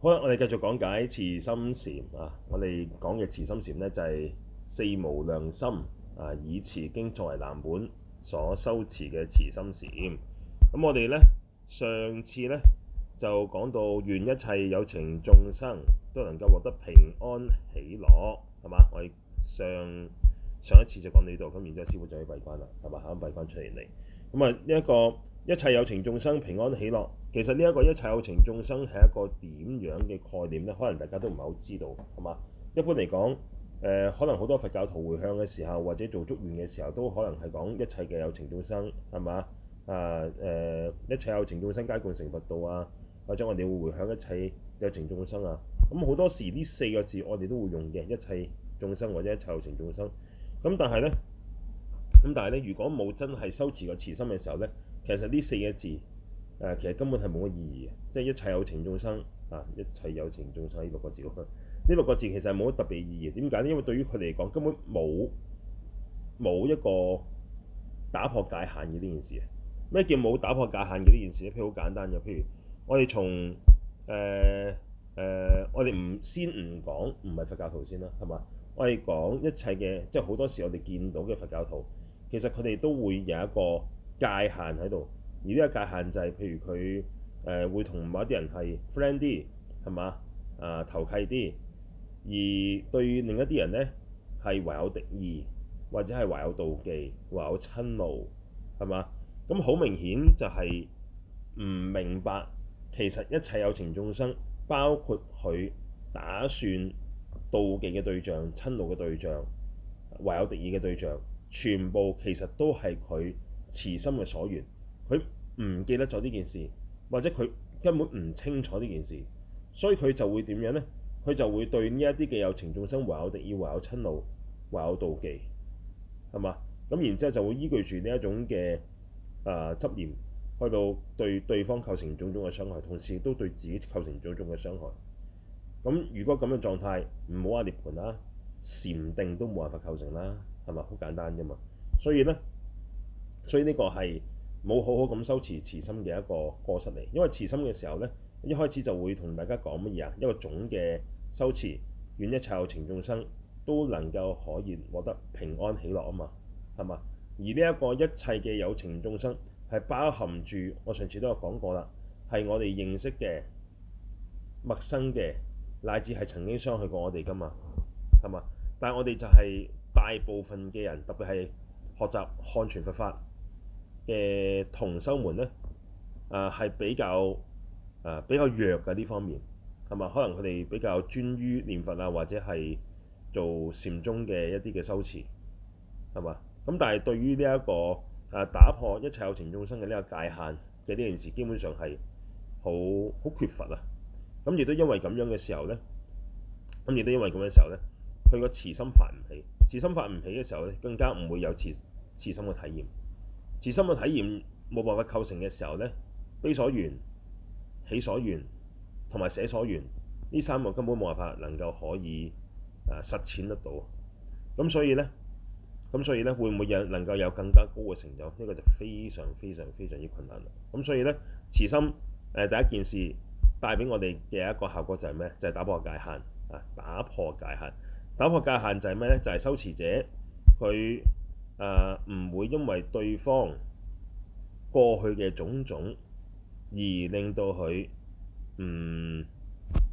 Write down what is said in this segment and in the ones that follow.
好啦，我哋繼續講解慈心禪啊！我哋講嘅慈心禪呢，就係四無量心啊，以《慈經》作為藍本所修持嘅慈心禪。咁我哋呢，上次呢就講到願一切有情眾生都能夠獲得平安喜樂，係嘛？我哋上上一次就講到呢度，咁然之後師父就要閉關啦，係嘛？啱閉關出現嚟，咁啊呢一個。一切有情眾生平安喜樂。其實呢一個一切有情眾生係一個點樣嘅概念呢？可能大家都唔係好知道，係嘛？一般嚟講，誒、呃、可能好多佛教徒回向嘅時候，或者做祝願嘅時候，都可能係講一切嘅有情眾生，係嘛？啊誒、呃，一切有情眾生皆共成佛道啊！或者我哋會回向一切有情眾生啊。咁、嗯、好多時呢四個字我哋都會用嘅，一切眾生或者一切有情眾生。咁但係呢，咁但係咧，如果冇真係修持個慈心嘅時候呢，其實呢四個字，誒、呃，其實根本係冇乜意義嘅，即係一切有情眾生啊，一切有情眾生呢六個字嗰個，呢六個字其實係冇乜特別意義。點解呢？因為對於佢嚟講，根本冇冇一個打破界限嘅呢件事。咩叫冇打破界限嘅呢件事咧？譬如好簡單嘅，譬如我哋從誒誒、呃呃，我哋唔先唔講，唔係佛教徒先啦，係嘛？我哋講一切嘅，即係好多時我哋見到嘅佛教徒，其實佢哋都會有一個界限喺度，而呢個界限就係，譬如佢誒、呃、會同某一啲人係 friend 啲，係嘛啊、呃、投契啲，而對另一啲人呢，係懷有敵意，或者係懷有妒忌、懷有瞋怒，係嘛？咁好明顯就係唔明白，其實一切有情眾生，包括佢打算妒忌嘅對象、瞋怒嘅對象、懷有敵意嘅對象，全部其實都係佢，慈心嘅所緣，佢唔記得咗呢件事，或者佢根本唔清楚呢件事，所以佢就會點樣呢？佢就會對呢一啲嘅有情眾生懷有敵意、懷有瞋怒、懷有妒忌，係嘛？咁然之後就會依據住呢一種嘅誒、呃、執念，去到對對方構成種種嘅傷害，同時亦都對自己構成種種嘅傷害。咁如果咁嘅狀態，唔好阿涅槃啦，禪定都冇辦法構成啦，係嘛？好簡單㗎嘛，所以呢。所以呢個係冇好好咁修持慈心嘅一個過失嚟，因為慈心嘅時候呢，一開始就會同大家講乜嘢啊？一個總嘅修持，願一切有情眾生都能夠可以獲得平安喜樂啊嘛，係嘛？而呢一個一切嘅有情眾生係包含住我上次都有講過啦，係我哋認識嘅、陌生嘅，乃至係曾經傷害過我哋㗎嘛，係嘛？但係我哋就係大部分嘅人，特別係學習漢傳佛法嘅同修們呢啊，係、呃、比較啊、呃、比較弱嘅呢方面，係嘛？可能佢哋比較專於念佛啊，或者係做禪宗嘅一啲嘅修持，係嘛？咁但係對於呢、這、一個啊、呃、打破一切有情眾生嘅呢個界限嘅呢件事，基本上係好好缺乏啊！咁、嗯、亦都因為咁樣嘅時候呢，咁、嗯、亦都因為咁嘅時候呢，佢個慈心發唔起，慈心發唔起嘅時候呢，更加唔會有慈慈心嘅體驗。慈心嘅體驗冇辦法構成嘅時候呢，悲所緣、喜所緣同埋捨所緣呢三個根本冇辦法能夠可以誒、呃、實踐得到。咁所以呢，咁所以呢，會唔會有能夠有更加高嘅成就？呢個就非常非常非常之困難。咁所以呢，慈心誒、呃、第一件事帶俾我哋嘅一個效果就係咩？就係、是、打破界限啊！打破界限，打破界限就係咩呢？就係、是、修持者佢。啊，唔、uh，會因為對方過去嘅種種而令到佢唔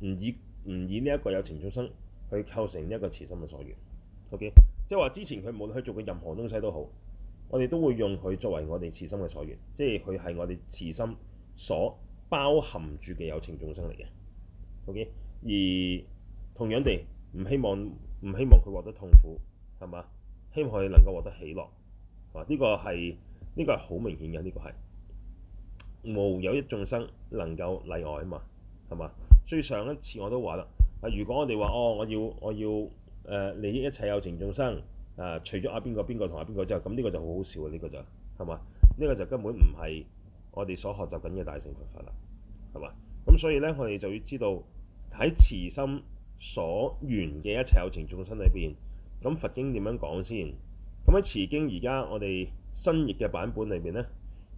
唔以唔以呢一個有情眾生去構成一個慈心嘅所緣。OK，即係話之前佢無論佢做過任何東西都好，我哋都會用佢作為我哋慈心嘅所緣，即係佢係我哋慈心所包含住嘅有情眾生嚟嘅。OK，而同樣地，唔希望唔希望佢獲得痛苦，係嘛？希望佢能夠獲得喜樂，啊、這個，呢、這個係呢個係好明顯嘅，呢、這個係無有一眾生能夠例外啊嘛，係嘛？所以上一次我都話啦，啊，如果我哋話哦，我要我要誒、呃、利益一切有情眾生，誒、呃、除咗阿邊個邊個同阿邊個之後，咁呢、這個就好好笑。呢、這個就係嘛？呢、這個就根本唔係我哋所學習緊嘅大乘佛法啦，係嘛？咁所以呢，我哋就要知道喺慈心所願嘅一切有情眾生裏邊。咁佛經點樣講先？咁喺《慈經》而家我哋新譯嘅版本裏面，呢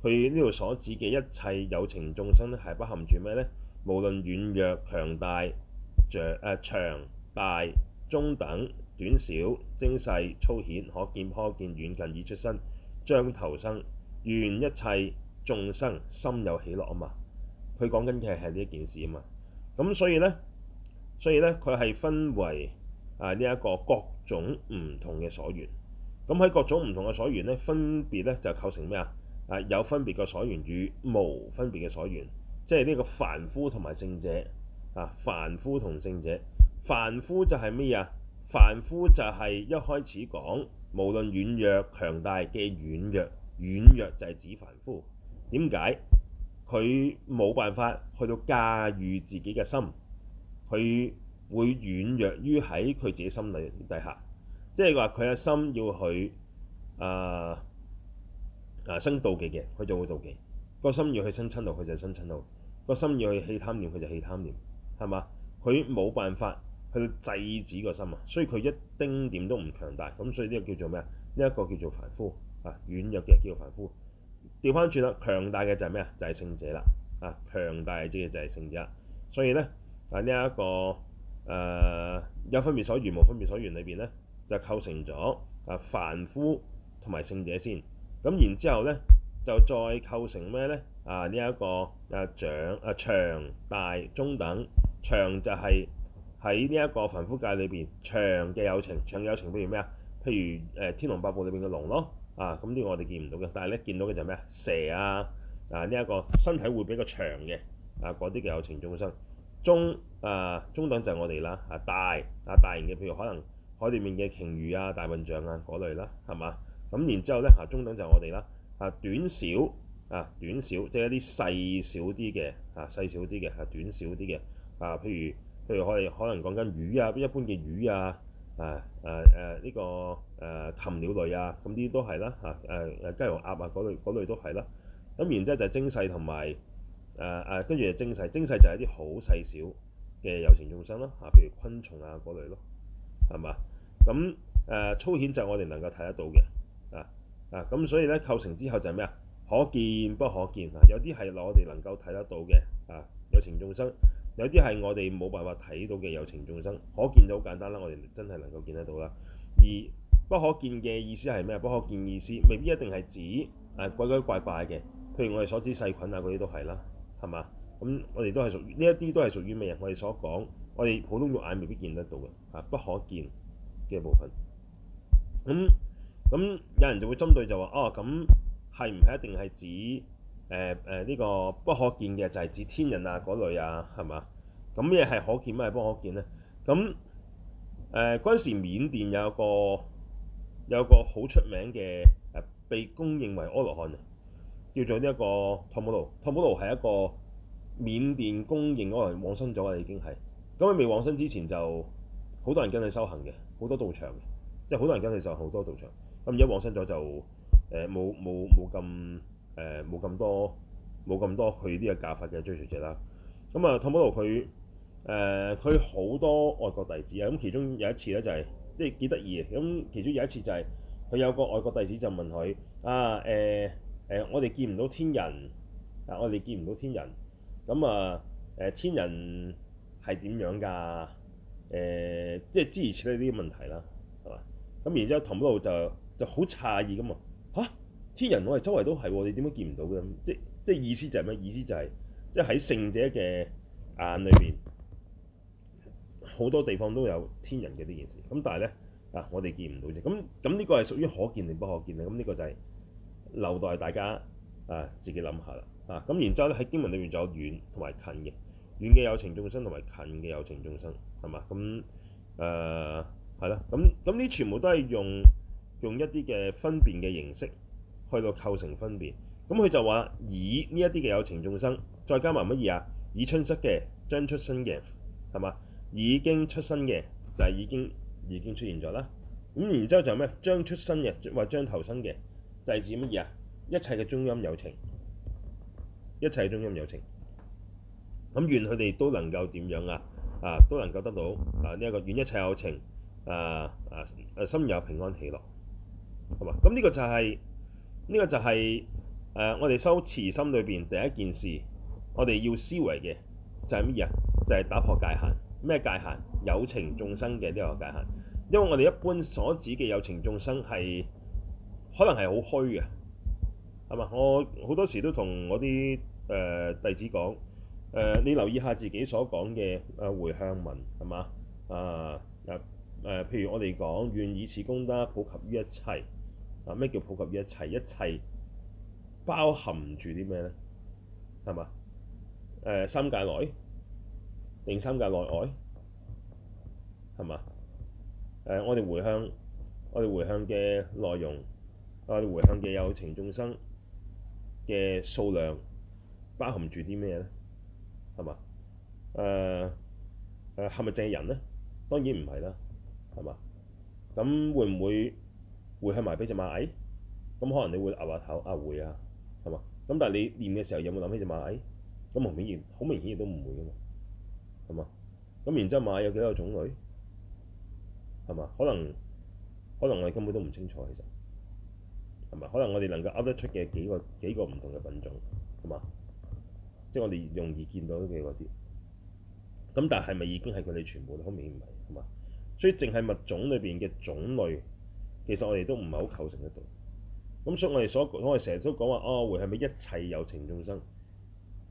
佢呢度所指嘅一切有情眾生咧，係包含住咩呢？無論軟弱強大、長誒、呃、長、大中等、短小、精細、粗顯、可見不可見、遠近而出生、將投生願一切眾生心有喜樂啊嘛！佢講緊嘅係呢一件事啊嘛。咁所以呢，所以呢，佢係分為。啊！呢、這、一個各種唔同嘅所緣，咁、啊、喺各種唔同嘅所緣呢，分別呢就構成咩啊？啊，有分別嘅所緣與無分別嘅所緣，即係呢個凡夫同埋聖者啊！凡夫同聖者，凡夫就係咩啊？凡夫就係一開始講，無論軟弱強大嘅軟弱，軟弱就係指凡夫。點解佢冇辦法去到駕馭自己嘅心？佢會軟弱於喺佢自己心裏底下，即係話佢個心要去啊啊生妒忌嘅，佢就會妒忌；個心要去生瞋怒，佢就生瞋怒；個心要去起貪念，佢就起貪念，係嘛？佢冇辦法去制止個心啊，所以佢一丁點都唔強大。咁所以呢個叫做咩啊？呢一個叫做凡夫啊，軟弱嘅叫做凡夫。調翻轉啦，強大嘅就係咩啊？就係聖者啦！啊，強大嘅就係聖者。所以咧啊，呢一個。誒、呃、有分別所緣無分別所緣裏邊咧，就構成咗啊凡夫同埋聖者先。咁然之後咧，就再構成咩咧？啊呢一、這個啊長啊長大中等長就係喺呢一個凡夫界裏邊長嘅有情長有情，譬如咩啊？譬如誒《天龍八部》裏邊嘅龍咯。啊咁呢個我哋見唔到嘅，但係咧見到嘅就係咩啊？蛇啊啊呢一、這個身體會比較長嘅啊嗰啲嘅有情眾生。中啊、呃、中等就係我哋啦，啊大啊大型嘅，譬如可能海裏面嘅鯨魚啊、大笨象啊嗰類啦，係嘛？咁然之後咧，啊中等就係我哋啦，啊短小啊短小，即係一啲細小啲嘅啊細小啲嘅啊短小啲嘅啊，譬如譬如我哋可能講緊魚啊，一般嘅魚啊，啊啊誒呢個誒禽鳥類啊，咁呢啲都係啦，啊誒誒、啊啊啊、雞同鴨,鴨啊嗰類嗰類,類都係啦，咁然之後就精細同埋。誒誒，跟住、啊、精細，精細就係啲好細小嘅有情眾生咯嚇，譬、啊、如昆蟲啊嗰類咯，係嘛？咁、啊、誒粗顯就係我哋能夠睇得到嘅，啊啊咁、啊、所以咧構成之後就係咩啊？可見不可見啊？有啲係我哋能夠睇得到嘅啊，有情眾生；有啲係我哋冇辦法睇到嘅有情眾生。可見就好簡單啦，我哋真係能夠見得到啦、啊。而不可見嘅意思係咩？不可見意思未必一定係指誒、啊、鬼鬼怪怪嘅，譬如我哋所指細菌啊嗰啲都係啦。係嘛？咁我哋都係屬於呢一啲都係屬於咩呀？我哋所講，我哋普通肉眼未必見得到嘅，係不可見嘅部分。咁咁有人就會針對就話，哦，咁係唔係一定係指誒誒呢個不可見嘅就係、是、指天人啊嗰類啊，係嘛？咁咩係可見，咩係不可見咧？咁誒嗰陣時，緬甸有個有個好出名嘅誒，被公認為埃羅漢阿羅漢嘅。叫做呢、這、一個湯姆盧，湯姆盧係一個緬甸公認嗰個，係往生咗啦，已經係咁。佢未往生之前就好多人跟佢修行嘅，好多道場，即係好多人跟佢修行好多道場。咁而家往生咗就誒冇冇冇咁誒冇咁多冇咁多去呢個教法嘅追隨者啦。咁啊，湯姆盧佢誒佢好多外國弟子啊！咁其中有一次咧就係即係幾得意嘅。咁其中有一次就係、是、佢有，有、就是、有個外國弟子就問佢啊誒。呃呃誒、呃，我哋見唔到天人，啊，我哋見唔到天人，咁、嗯、啊，誒、呃，天人係點樣㗎？誒、呃，即係諸如此類啲問題啦，係嘛？咁然之後，同伯虎就就好詫異咁嘛。嚇、啊！天人，我哋周圍都係喎，你點解見唔到嘅？即即係意思就係、是、咩意思就係、是、即喺聖者嘅眼裏邊，好多地方都有天人嘅呢件事。咁但係咧，啊，我哋見唔到啫。咁咁呢個係屬於可見定不可見嘅？咁呢個就係、是。留待大家啊，自己諗下啦啊！咁然之後咧，喺經文裏面仲有遠同埋近嘅，遠嘅有情眾生同埋近嘅有情眾生係嘛？咁誒係啦，咁咁呢全部都係用用一啲嘅分辨嘅形式去到構成分辨。咁佢就話以呢一啲嘅有情眾生，再加埋乜嘢啊？已出生嘅、將出生嘅係嘛？已經出生嘅就係、是、已經已經出現咗啦。咁然之後就咩？將出生嘅或係將投生嘅。是指乜嘢啊？一切嘅中陰有情，一切嘅中陰有情，咁願佢哋都能夠點樣啊？啊，都能夠得到啊呢一、這個願一切有情啊啊啊心有平安喜樂，好嘛？咁呢個就係、是、呢、這個就係、是、誒、啊、我哋修慈心裏邊第一件事，我哋要思維嘅就係乜嘢啊？就係、是就是、打破界限，咩界限？有情眾生嘅呢個界限，因為我哋一般所指嘅有情眾生係。可能係好虛嘅，係嘛？我好多時都同我啲誒、呃、弟子講，誒、呃、你留意下自己所講嘅誒回向文，係嘛？啊誒誒，譬如我哋講願以此功德普及於一切，啊咩叫普及於一切？一切包含住啲咩咧？係嘛？誒、呃、三界內定三界內外，係嘛？誒、呃、我哋回向我哋回向嘅內容。我哋回向嘅有情眾生嘅數量，包含住啲咩咧？係嘛？誒誒係咪淨係人咧？當然唔係啦，係嘛？咁會唔會回向埋俾隻螞蟻？咁可能你會咬下頭啊會啊，係嘛、啊？咁但係你念嘅時候有冇諗起隻螞蟻？咁明顯好明顯亦都唔會嘅嘛，係嘛？咁然之後螞蟻有幾多種類？係嘛？可能可能我哋根本都唔清楚其實。係咪可能我哋能夠噏得出嘅幾個幾個唔同嘅品種，係嘛？即係我哋容易見到嘅嗰啲。咁但係咪已經係佢哋全部都好明顯唔係，係嘛？所以淨係物種裏邊嘅種類，其實我哋都唔係好構成得到。咁所以我哋所，我哋成日都講話啊，會係咪一切有情眾生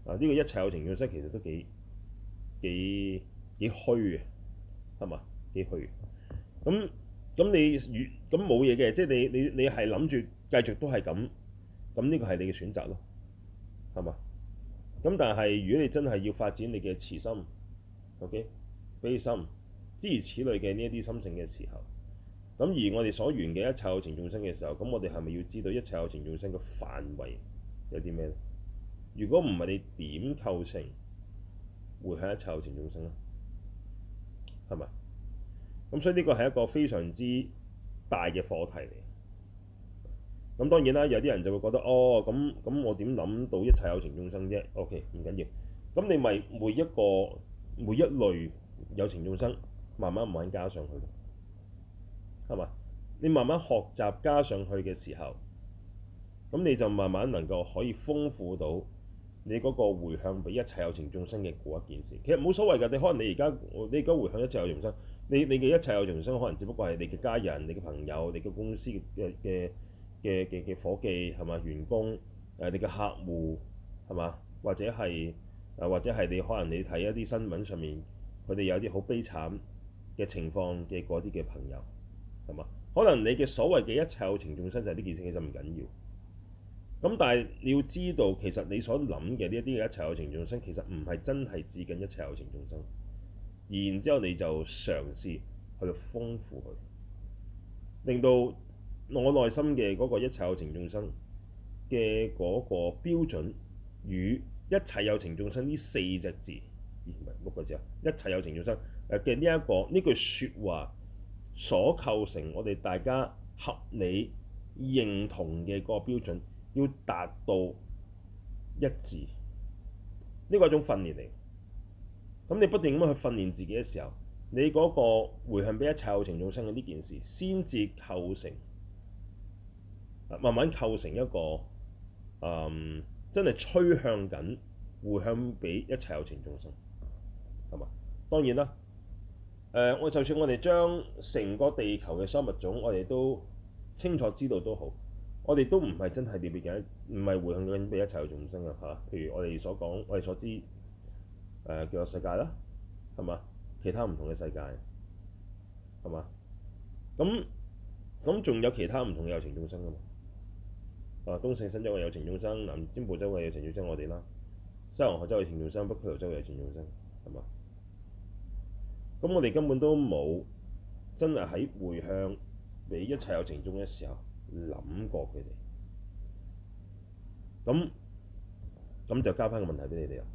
啊？呢個一切有情眾生其實都幾幾幾虛嘅，係嘛？幾虛嘅。咁咁，你與咁冇嘢嘅，即係你你你係諗住。繼續都係咁，咁呢個係你嘅選擇咯，係嘛？咁但係如果你真係要發展你嘅慈心、OK 悲心，諸如此類嘅呢一啲心性嘅時候，咁而我哋所緣嘅一切有情眾生嘅時候，咁我哋係咪要知道一切有情眾生嘅範圍有啲咩咧？如果唔係你點構成會係一切有情眾生咧？係嘛？咁所以呢個係一個非常之大嘅課題嚟。咁當然啦，有啲人就會覺得哦，咁咁我點諗到一切有情眾生啫？OK，唔緊要。咁你咪每一個每一類有情眾生，慢慢慢慢加上去，係嘛？你慢慢學習加上去嘅時候，咁你就慢慢能夠可以豐富到你嗰個回向俾一切有情眾生嘅嗰一件事。其實冇所謂㗎，你可能你而家你而家回向一切有情眾生，你你嘅一切有情眾生可能只不過係你嘅家人、你嘅朋友、你嘅公司嘅嘅，嘅嘅嘅夥計，係嘛？員工，誒你嘅客戶係嘛？或者係誒，或者係你可能你睇一啲新聞上面佢哋有啲好悲慘嘅情況嘅嗰啲嘅朋友，係嘛？可能你嘅所謂嘅一切有情眾生就係呢件事，其實唔緊要咁。但係你要知道其實你所諗嘅呢一啲嘅一切有情眾生，其實唔係真係指緊一切有情眾生，然之後你就嘗試去豐富佢，令到我內心嘅嗰個一切有情眾生嘅嗰個標準，與一切有情眾生呢四隻字，唔、嗯、唔係六個字啊！一切有情眾生嘅呢一個呢句説話所構成，我哋大家合理認同嘅嗰個標準，要達到一致，呢個係一種訓練嚟。咁你不斷咁去訓練自己嘅時候，你嗰個回向俾一切有情眾生嘅呢件事，先至構成。慢慢構成一個誒、嗯，真係趨向緊回向俾一切有情眾生，係嘛？當然啦，誒、呃，我就算我哋將成個地球嘅生物種，我哋都清楚知道都好，我哋都唔係真係特別緊，唔係回向緊俾一切有情眾生嘅嚇。譬、啊、如我哋所講，我哋所知誒、呃，叫做世界啦，係嘛？其他唔同嘅世界，係嘛？咁咁仲有其他唔同嘅有情眾生㗎嘛？啊！東勝神洲嘅有情眾生，南贍部洲嘅有，有情眾生，我哋啦，西牛貨洲嘅有情眾生，北俱盧洲嘅有情眾生，係嘛？咁我哋根本都冇真係喺回向俾一切有情眾生嘅時候，諗過佢哋。咁咁就交翻個問題俾你哋啊。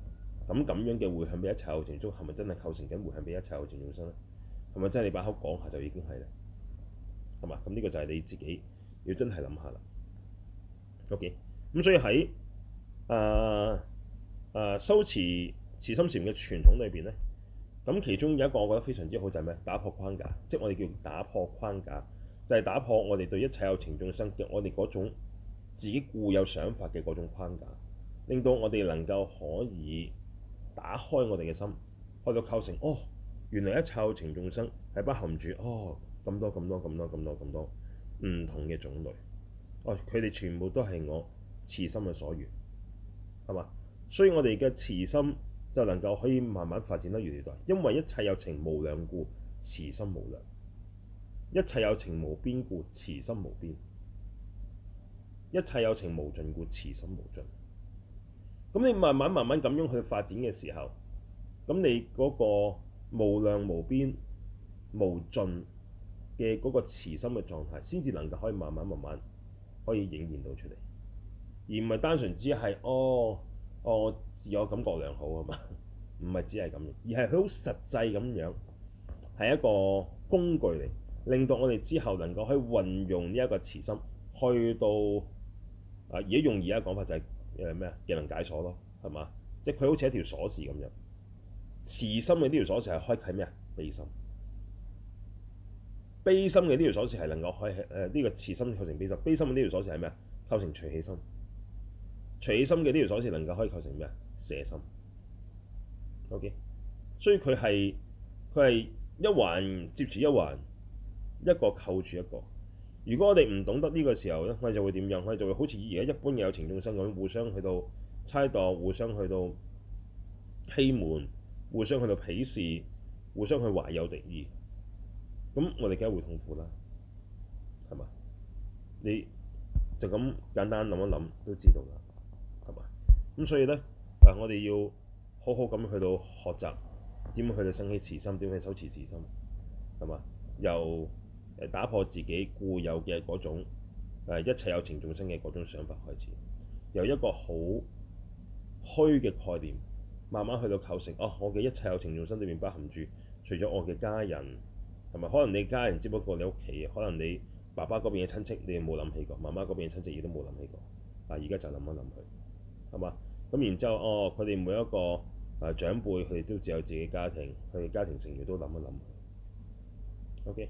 咁咁樣嘅回向俾一切有情眾生，係咪真係構成緊回向俾一切有情眾生咧？係咪真係你把口講下就已經係啦？係嘛？咁呢個就係你自己要真係諗下啦。咁、okay. 所以喺誒誒修持慈，慈心禪嘅傳統裏邊咧，咁其中有一個我覺得非常之好就係咩？打破框架，即係我哋叫打破框架，就係、是、打破我哋對一切有情眾生嘅我哋嗰種自己固有想法嘅嗰種框架，令到我哋能夠可以打開我哋嘅心，開到構成哦，原來一切有情眾生係包含住哦咁多咁多咁多咁多咁多唔同嘅種類。佢哋、哦、全部都係我慈心嘅所緣，係嘛？所以我哋嘅慈心就能夠可以慢慢發展得越嚟越大，因為一切有情無量故，慈心無量；一切有情無邊故，慈心無邊；一切有情無盡故，慈心無盡。咁你慢慢慢慢咁樣去發展嘅時候，咁你嗰個無量無邊無盡嘅嗰個慈心嘅狀態，先至能夠可以慢慢慢慢，可以影現到出嚟，而唔係單純只係哦哦自我感覺良好啊嘛，唔係只係咁樣，而係佢好實際咁樣，係一個工具嚟，令到我哋之後能夠去運用呢一個慈心去到啊而家用而家講法就係咩啊技能解鎖咯，係嘛？即係佢好似一條鎖匙咁樣，慈心嘅呢條鎖匙係開啟咩啊？悲心。悲心嘅呢條鎖匙係能夠可以呢、呃呢個慈心構成悲心，悲心嘅呢條鎖匙係咩啊？構成隨喜心，隨喜心嘅呢條鎖匙能夠可以構成咩啊？捨心。O.K.，所以佢係佢係一環接住一環，一個扣住一個。如果我哋唔懂得呢個時候咧，我哋就會點樣？我哋就會好似而家一般嘅有情眾生咁，互相去到猜度，互相去到欺瞞，互相去到鄙視，互相去懷有敵意。咁我哋梗係會痛苦啦，係嘛？你就咁簡單諗一諗都知道啦，係嘛？咁所以咧，誒、啊，我哋要好好咁去到學習點去到升起慈心，點去修持慈心，係嘛？由誒打破自己固有嘅嗰種、啊、一切有情眾生嘅嗰種想法開始，由一個好虛嘅概念，慢慢去到構成哦、啊，我嘅一切有情眾生裡面包含住，除咗我嘅家人。同埋可能你家人，只不過你屋企可能你爸爸嗰邊嘅親戚你冇諗起過，媽媽嗰邊嘅親戚亦都冇諗起過，但而家就諗一諗佢，係嘛？咁然之後，哦，佢哋每一個啊長輩，佢哋都自有自己家庭，佢哋家庭成員都諗一諗。OK，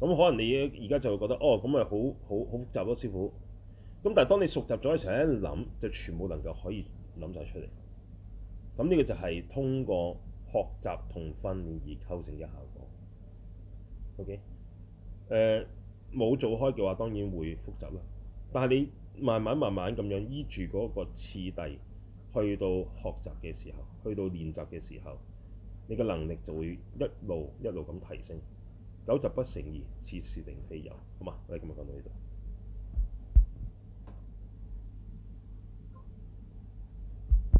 咁、嗯、可能你而家就會覺得，哦，咁咪好好好複雜咯，師傅。咁但係當你熟習咗一齊一諗就全部能夠可以諗晒出嚟。咁、嗯、呢、這個就係通過學習同訓練而構成嘅效果。OK，誒、呃、冇做開嘅話，當然會複雜啦。但係你慢慢慢慢咁樣依住嗰個次第，去到學習嘅時候，去到練習嘅時候，你嘅能力就會一路一路咁提升。久習不成易，此事定非有，好嘛？我哋今日講到呢度。